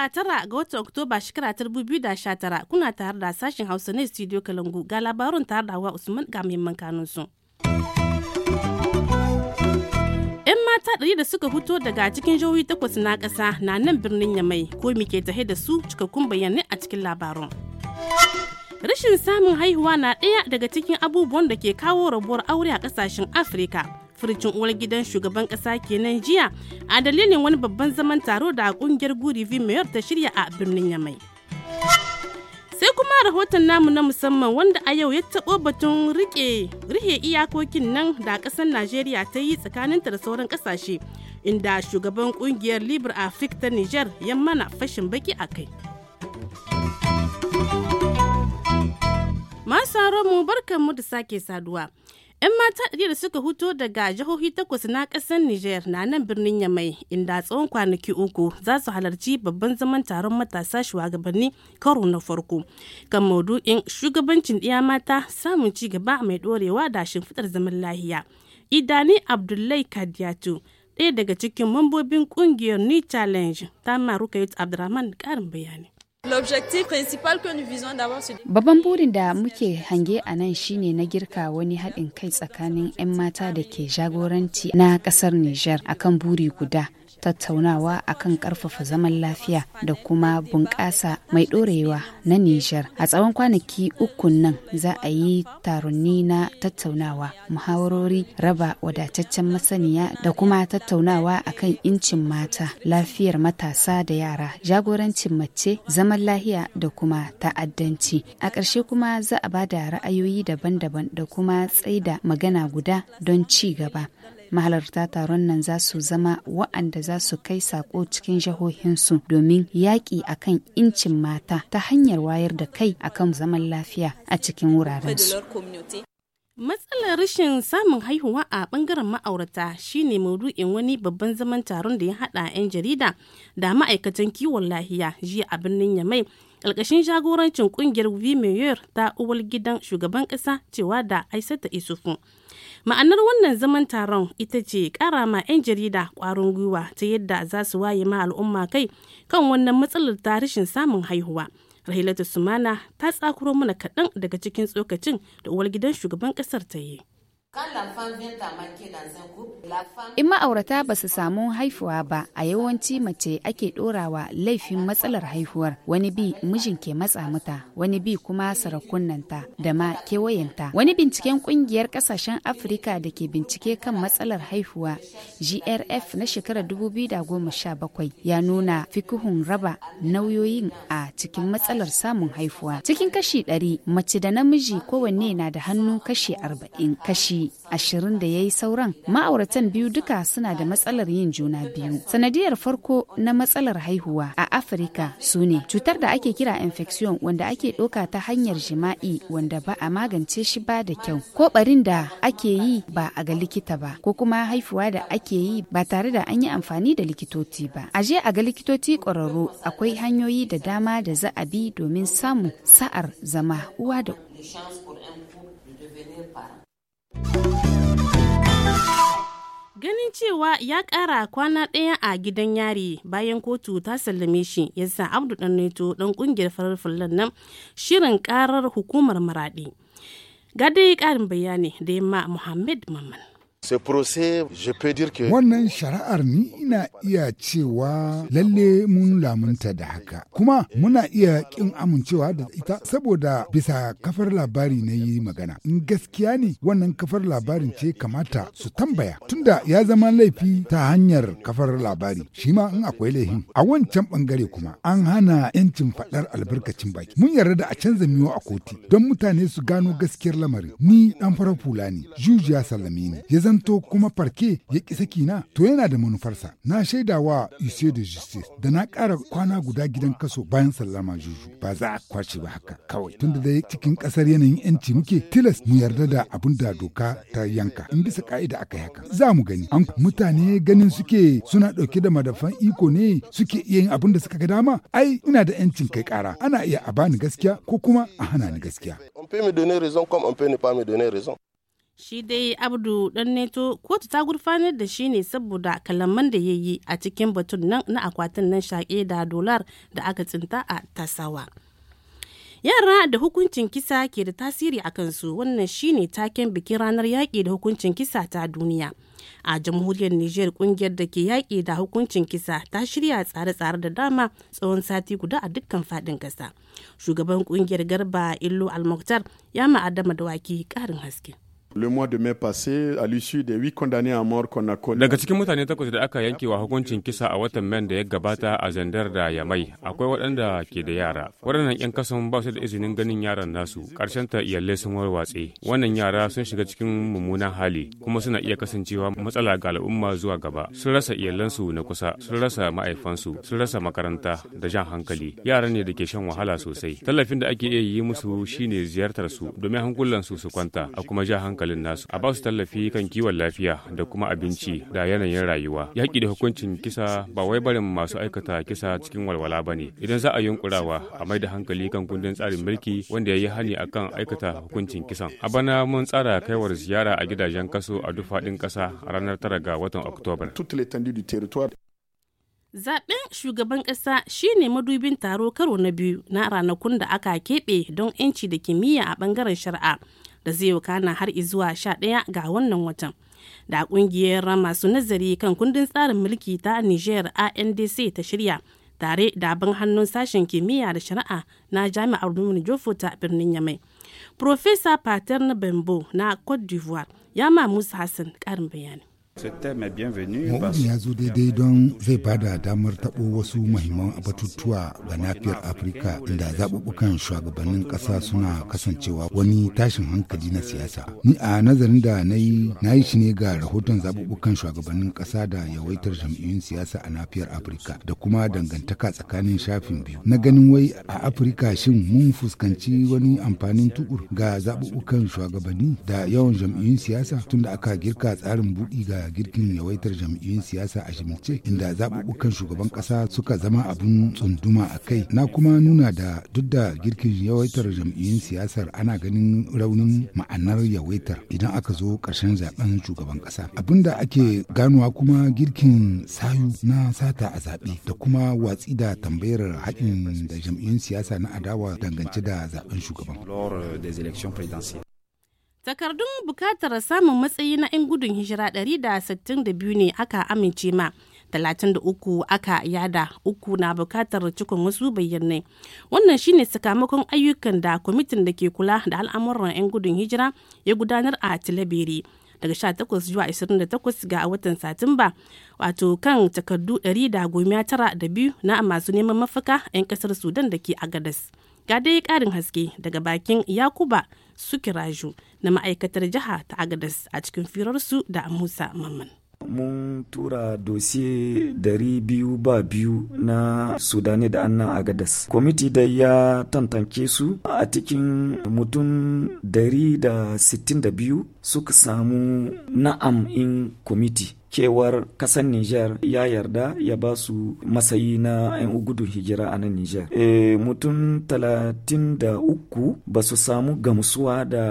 Laraba tara ga watan Oktoba shekara ta tara kuna tare da sashen Hausa na Studio Kalangu ga labarun tare da Hawa Usman ga muhimman kanunsu. ‘Yan mata ɗari da suka fito daga cikin jihohi takwas na ƙasa na nan birnin Yamai ko muke tahe da su cikakkun bayanai a cikin labarun. Rashin samun haihuwa na ɗaya daga cikin abubuwan da ke kawo rabuwar aure a ƙasashen Afirka. furicin uwar gidan shugaban kasa kenan jiya a dalilin wani babban zaman taro da kungiyar v mayor ta shirya a birnin yamai sai kuma rahoton namu na musamman wanda a yau ya taɓo batun rike rihe iyakokin nan da ƙasar najeriya ta yi tsakaninta da sauran ƙasashe inda shugaban ƙungiyar libre afrik ta niger ya mana fashin baki a kai masu mu barkan mu da sake saduwa 'Yan mata ɗariyar da suka huto daga jihohi takwas na ƙasar Nijar na nan birnin Yamai inda tsawon kwanaki uku za su halarci babban zaman taron matasa shugabanni karo na farko kan maudu'in shugabancin ɗiya mata samun ci gaba mai ɗorewa da shimfiɗar zaman lahiya. Idani Abdullahi Kadiyatu ɗaya daga cikin mambobin ƙungiyar New Challenge ta Marukayut Abdurrahman ƙarin bayani. Babban burin da muke hange a nan shine na girka wani haɗin kai tsakanin 'yan mata da ke jagoranci na ƙasar Nijar akan buri guda tattaunawa a kan karfafa zaman lafiya da kuma bunƙasa mai ɗorewa na Nijar. A tsawon kwanaki ukun nan za a yi taronni na tattaunawa, muhawarori, raba wadataccen masaniya da kuma tattaunawa a kan incin mata, lafiyar matasa da yara, jagorancin mace, zaman lahiya da kuma ta'addanci. A ƙarshe kuma za a ba da ra'ayoyi daban-daban da kuma tsaida magana guda don ci gaba. mahalarta taron nan za su zama wa'anda za su kai sako cikin jihohinsu domin yaƙi a kan incin mata ta hanyar wayar da kai akan zaman lafiya a cikin wurarensu. Matsalar rashin samun haihuwa a bangaren ma'aurata shine maudu'in wani babban zaman taron da ya hada 'yan jarida da ma'aikatan kiwon lafiya jiya a birnin Yamai ƙarƙashin jagorancin ƙungiyar Vimeyer ta uwar gidan shugaban ƙasa cewa da Aisata Isufu ma'anar wannan zaman taron ita ce kara ma 'yan jarida kwarin gwiwa ta yadda za su waye ma al'umma kai kan wannan matsalar ta rashin samun haihuwa rahilatu sumana ta tsakuro mana kaɗan daga cikin tsokacin da uwar gidan shugaban ƙasar ta yi In ma'aurata ba su samu haifuwa ba a yawanci mace ake ɗorawa laifin matsalar haihuwar wani bi mijin ke matsa mata wani bi kuma sarakunanta da ma kewayenta. Wani binciken kungiyar ƙasashen Afirka da ke bincike kan matsalar haihuwa GRF na shekarar 2017 ya nuna fikuhun raba nauyoyin a cikin matsalar samun haifuwa. Cikin kashi 100 mace da namiji kowanne na da hannu kashi 40 kashi ashirin da ya yi sauran ma'auratan biyu duka suna da matsalar yin juna biyu sanadiyar farko na matsalar haihuwa a afirka su ne cutar da ake kira infection wanda ake ɗauka ta hanyar jima'i wanda ba a magance shi ba da kyau ko barin da ake yi ba a ga likita ba ko kuma haifuwa da ake yi ba tare da an yi amfani da likitoci ba a je a ga likitoci kwararru akwai hanyoyi da dama da za a bi domin samun sa'ar zama uwa da Ganin cewa ya kara kwana ɗaya a gidan yari bayan kotu ta sallame shi ya sa Abdu dan Neto dan ƙungiyar farar fullan nan shirin karar hukumar maraɗi Ga dai karin bayani da yamma Muhammad Maman. Wannan shari'ar ni ina iya cewa lalle mun lamunta da haka, kuma muna iya ƙin amincewa da ita saboda bisa kafar labari na yi magana. In gaskiya ne wannan kafar labarin ce kamata su tambaya, tunda ya zama laifi ta hanyar kafar labari, shi ma in akwai laifin. A wancan ɓangare kuma an hana 'yancin faɗar albarkacin baki. Mun yarda da a canza miyo a koti don mutane su gano gaskiyar lamarin. Ni ɗan farar fula ne, Jujiya zanto kuma farke ya ƙi saki na to yana da manufarsa. Na shaida wa Ise da Justice da na kara kwana guda gidan kaso bayan sallama juju ba za a kwace ba haka kawai tunda da cikin ƙasar yanayin yanci muke tilas mu yarda da abun da doka ta yanka in bisa ka'ida aka yi haka za mu gani an mutane ganin suke suna ɗauke da madafan iko ne suke iya yin abin da suka ga dama ai ina da yancin kai ƙara ana iya a bani gaskiya ko kuma a hana ni gaskiya. On peut me donner raison comme on peut ne pas me donner raison. shi dai abdu dan neto kotu ta gurfanar da shi ne saboda kalaman da ya yi a cikin batun nan na akwatin nan shaƙe da dolar da aka tsinta a tasawa yara da hukuncin kisa ke da tasiri a kansu wannan shi shine taken bikin ranar yaƙi da hukuncin kisa ta duniya a jamhuriyar niger kungiyar da ke yaƙi da hukuncin kisa ta shirya tsare-tsare da dama tsawon sati guda a dukkan faɗin ƙasa shugaban kungiyar garba illo almuktar ya ma'adama dawaki ƙarin haske Daga cikin mutane takwas da aka yanke wa hukuncin kisa a watan man da ya gabata a Zandar da Yamai, akwai waɗanda ke da yara. Waɗannan 'yan kasan ba su da izinin ganin yaran nasu, ƙarshen ta iyalai sun warwatse. Wannan yara sun shiga cikin mummunan hali, kuma suna iya kasancewa matsala ga al'umma zuwa gaba. Sun rasa iyalansu na kusa, sun rasa ma'aifansu, sun rasa makaranta da jan hankali. Yara ne da ke shan wahala sosai. Tallafin da ake iya yi musu shine ziyartar su domin hankulansu su kwanta, a kuma ja hankali. hankalin nasu a ba su tallafi kan kiwon lafiya da kuma abinci da yanayin rayuwa yaƙi da hukuncin kisa ba wai barin masu aikata kisa cikin walwala ba ne idan za a yunkurawa a mai da hankali kan kundin tsarin mulki wanda ya yi hani a kan aikata hukuncin kisan a bana mun tsara kaiwar ziyara a gidajen kaso a duk faɗin ƙasa a ranar tara ga watan oktoba Zaɓen shugaban ƙasa ne madubin taro karo na biyu na ranakun da aka keɓe don 'yanci da kimiyya a ɓangaren shari'a. da zai wakana har zuwa sha ɗaya ga wannan watan. Da kungiyar masu nazari kan kundin tsarin mulki ta Niger ANDC ta shirya tare da ban hannun sashen kimiyya da shari'a na jami'ar Numin Jofo ta birnin Yamai. Profesa Paterne Bembo na Cote d'Ivoire ya ma Musa Hassan ƙarin bayani. Maudu ya zo daidai don zai da euh, damar taɓo wasu mahimman batutuwa ga nafiyar Afirka inda zaɓuɓɓukan shugabannin ƙasa suna euh, kasancewa wani tashin hankali na euh, siyasa. Ni a nazarin da na yi na yi shi ne ga rahoton zaɓuɓɓukan shugabannin ƙasa da yawaitar jam'iyyun siyasa a nafiyar Afirka da kuma dangantaka tsakanin shafin biyu. Na ganin wai a Afirka shin mun fuskanci wani amfanin tukur ga zaɓuɓɓukan shugabanni da yawan jam'iyyun siyasa tunda aka girka tsarin buɗi ga girkin yawaitar jam'iyyun siyasa a shimilce inda zaɓuɓɓukan shugaban ƙasa suka zama abun tsunduma a kai na kuma nuna da duk da girkin yawaitar jam'iyyun siyasar ana ganin raunin ma'anar yawaitar idan aka zo ƙarshen zaɓen shugaban ƙasa abinda ake ganowa kuma girkin sayu na sata a zaɓe da kuma watsi da tambayar haɗin da jam'iyyun siyasa na adawa dangance da zaɓen shugaban. Takardun bukatar samun matsayi na 'yan gudun hijira 162 ne aka amince ma. 33 aka yada uku na bukatar cikon wasu bayyanai wannan shine sakamakon ayyukan da kwamitin da ke kula da al'amuran 'yan gudun hijira ya gudanar a tilabiri daga 18 zuwa 28 ga watan satumba wato kan takardu 192 na masu neman mafaka 'yan kasar sudan da ke agadas ga dai ƙarin haske daga bakin yakuba sukiraju na ma'aikatar jiha ta agadas a cikin firarsu da musa mamman mun tura dosiye dari biyu ba biyu na sudani da annan agadas kwamiti da ya tantanke su a cikin mutum dari da sittin da biyu suka samu na'am in kwamiti cewar kasan Nijar ya yarda ya ba su masayi na 'yan gudun hijira a nan Nijar. E, eh, mutum talatin da uku ba su samu gamsuwa da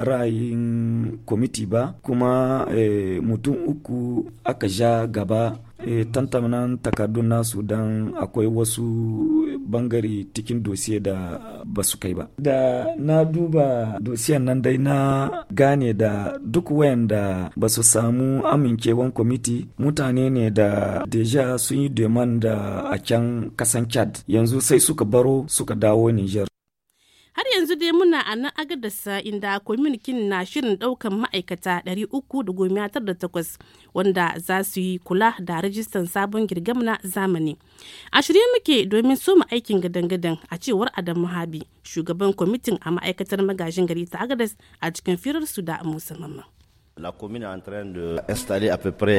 ra'ayin kwamiti ba kuma e, mutum uku aka ja gaba e, tantamnan takardun nasu don akwai wasu bangare cikin dosiye da ba su kai ba da na duba dosiyan nan dai na gane da duk wayanda ba su samu amincewan kwamiti mutane ne da deja sun yi deman da a can kasan chad yanzu sai suka baro suka dawo niger har yanzu dai muna a nan agadarsa inda kwamitin na shirin daukan ma'aikata 398 wanda za su yi kula da rajistan sabon girgam na zamani a shirye muke domin soma aikin gadan-gadan a cewar adamu habi shugaban kwamitin a ma'aikatar magajin gari ta agadas a cikin firar su da musamman.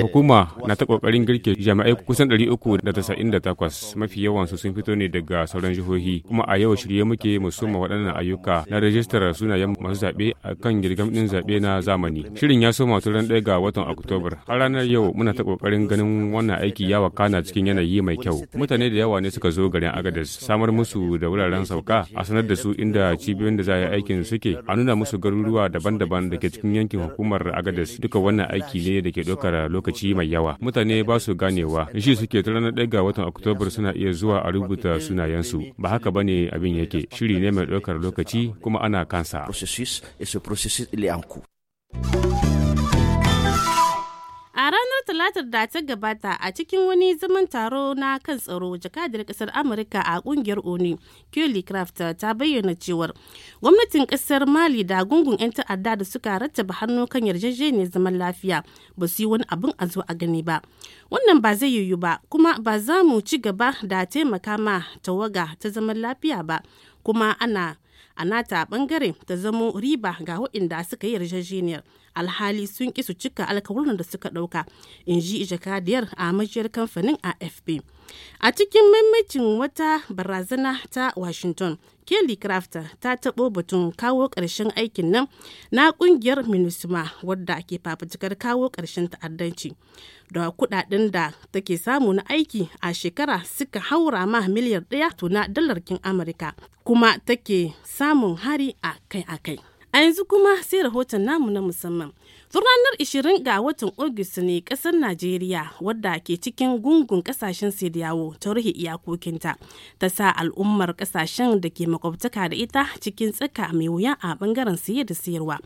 Hukuma na ta ƙoƙarin girke jami'ai kusan 398 mafi yawan su sun fito ne daga sauran jihohi kuma a yau shirye muke musoma waɗannan ayyuka na rajistar sunayen masu zaɓe a kan girgam ɗin zaɓe na zamani. Shirin ya so masu ran ɗaya ga watan Oktobar. A ranar yau muna ta ƙoƙarin ganin wannan aiki ya wakana cikin yanayi mai kyau. Mutane da yawa ne suka zo garin Agadez samar musu da wuraren sauka a sanar da su inda cibiyoyin da za a yi aikin suke a nuna musu garuruwa daban-daban da ke cikin yankin hukumar Agadez agadis duka wannan aiki ne da ke ɗaukar lokaci mai yawa mutane ba su ganewa shi suke ta ranar ɗaya ga watan oktobar suna iya zuwa a rubuta sunayensu ba haka ba ne abin yake shiri ne mai ɗaukar lokaci kuma ana kansa ranar talatar da ta gabata a cikin wani zaman taro na kan tsaro jakadar kasar amurka a kungiyar onu kelly craft ta bayyana cewar gwamnatin kasar mali da gungun 'yan ta'adda da suka rattaba hannu kan yarjejeniyar zaman lafiya ba su yi wani abin a zo a gani ba wannan ba zai yiwu ba kuma ba za mu ci gaba da taimaka ma tawaga ta zaman lafiya ba kuma ana a nata bangare ta zamo riba ga waɗanda suka yi yarjejeniyar alhali sun ki su cika alkawuran da suka ɗauka in ji jakadiyar a majiyar kamfanin afp a cikin maimacin wata barazana ta washington kelly crafter ta taɓo batun kawo ƙarshen aikin nan na ƙungiyar minisma wadda ke fafutukar kawo ƙarshen ta'addanci da kuɗaɗen da take samu na aiki a shekara suka haura ma miliyar ɗaya tuna dalarkin amurka kuma take samun hari a kai a kai A yanzu kuma sai rahoton namu na musamman. Tun ranar 20 ga watan Agusta ne kasar Najeriya wadda ke cikin gungun kasashen Sidiyawo ta rufe iyakokinta ta sa al'ummar kasashen da ke makwabtaka da ita cikin tsaka mai wuya a bangaren siye da sayarwa.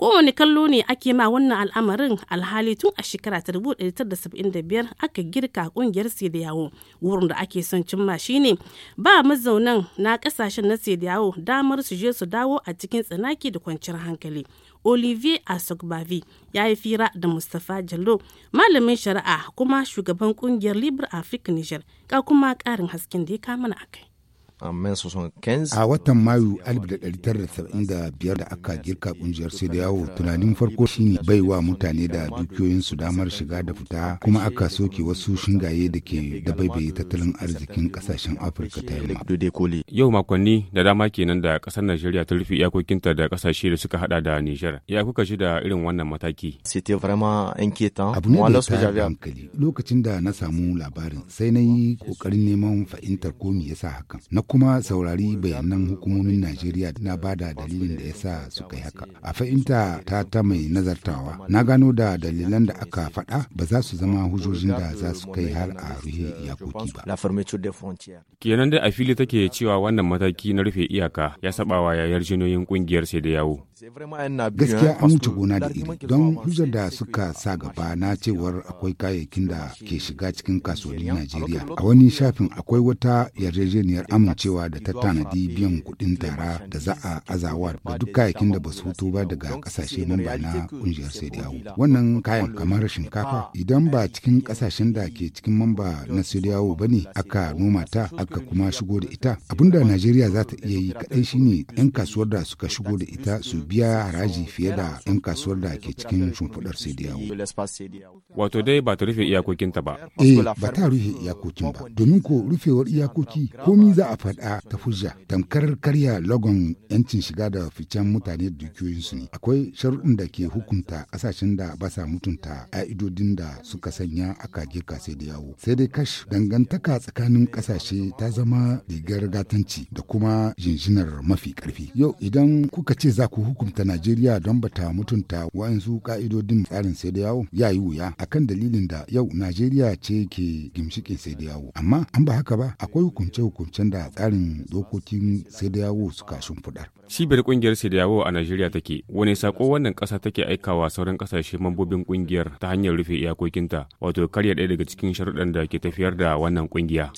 kowane kallo ne ake ma wannan al'amarin alhali tun a shekara ta 1975 aka girka kungiyar sediyawo wurin da ake son cimma shine ba mazaunan na kasashen na sediyawo damar su je su dawo a cikin tsanaki da kwanciyar hankali olivier asogbavi ya yi fira da mustapha jallo malamin shari'a kuma shugaban ƙungiyar libre africa niger ga kuma karin hasken da ya kama na akai a watan mayu 1975 da aka girka kungiyar sai da yawo tunanin farko shine baiwa mutane da dukiyoyin su damar shiga da fita kuma aka soke wasu shingaye da ke da baibaye tattalin arzikin kasashen afirka ta yamma yau makonni da dama kenan da kasar najeriya ta rufe iyakokinta da kasashe da suka hada da nijar ya kuka shi da irin wannan mataki abu ne da ta hankali lokacin da na samu labarin sai na yi kokarin neman fahimtar ko me yasa hakan kuma saurari bayanan hukumomin Najeriya na ba da dalilin da ya sa suka yi haka. A fahimta ta ta mai nazartawa, na gano da dalilan da aka faɗa ba za su zama hujjojin da za su kai har a rufe iyakoki ba. Kenan dai a fili take cewa wannan mataki na rufe iyaka ya sabawa yayar jinoyin kungiyar sai da yawo. gaskiya an wuce gona da iri don hujjar da suka sa gaba na cewar akwai kayayyakin da ke shiga cikin kasuwannin najeriya a wani shafin akwai wata yarjejeniyar amincewa da ta tanadi biyan kudin tara da za a azawa da duk kayayyakin da ba su fito ba daga kasashe mamba na kungiyar sai wannan kayan kamar shinkafa idan ba cikin kasashen da ke cikin mamba na sai ba ne aka noma ta aka kuma shigo da ita abinda najeriya za ta iya yi kaɗai shine 'yan kasuwar da suka shigo da ita su biya haraji fiye da 'yan kasuwar da ke cikin shimfiɗar CDAO. Wato dai ba ta rufe iyakokinta ba. Eh, ba ta rufe iyakokin ba. Domin ko rufewar iyakoki komi za a faɗa ta fujja tamkar karya logon 'yancin shiga da ficen mutane da dukiyoyinsu ne. Akwai sharuɗin da ke hukunta ƙasashen da ba sa mutunta ƙa'idodin da suka sanya aka girka CDAO. Sai dai kash dangantaka tsakanin ƙasashe ta zama rigar gatanci da kuma jinjinar mafi ƙarfi. Yau idan kuka ce za ku hukunta hukunta Najeriya don bata mutunta wa'ansu ka'idodin tsarin sai da yawo ya yi wuya akan dalilin da yau Najeriya ce ke gimshikin sai da yawo. Amma an ba haka ba akwai hukunce-hukuncen da tsarin dokokin sai da yawo suka shimfiɗar. Cibiyar kungiyar sai da yawo a Najeriya take wani sako wannan ƙasa take aikawa sauran ƙasashe mambobin kungiyar ta hanyar rufe iyakokinta wato karya ɗaya daga cikin sharuɗan da ke tafiyar da wannan kungiya.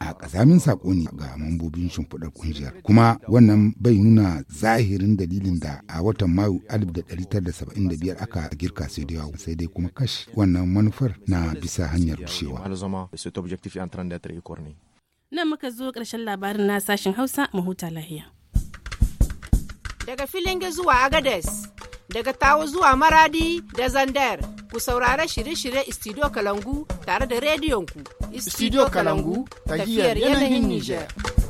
A ƙazamin sako ne ga mambobin shimfiɗar kungiyar kuma wannan bai nuna zahirin dalilin ɗin da a watan Mayu 1975 aka girka sai da yawa. sai dai kuma kashi wannan manufar na bisa hanyar rushewa. Nan muka zo ƙarshen labarin na sashen Hausa mahuta lahiya. Daga Filinge zuwa Agades, daga Tawo zuwa Maradi da Zandar, ku saurara shirye-shirye Studio Kalangu tare da rediyonku. Studio Kalangu, tafiyar yanayin Nijar.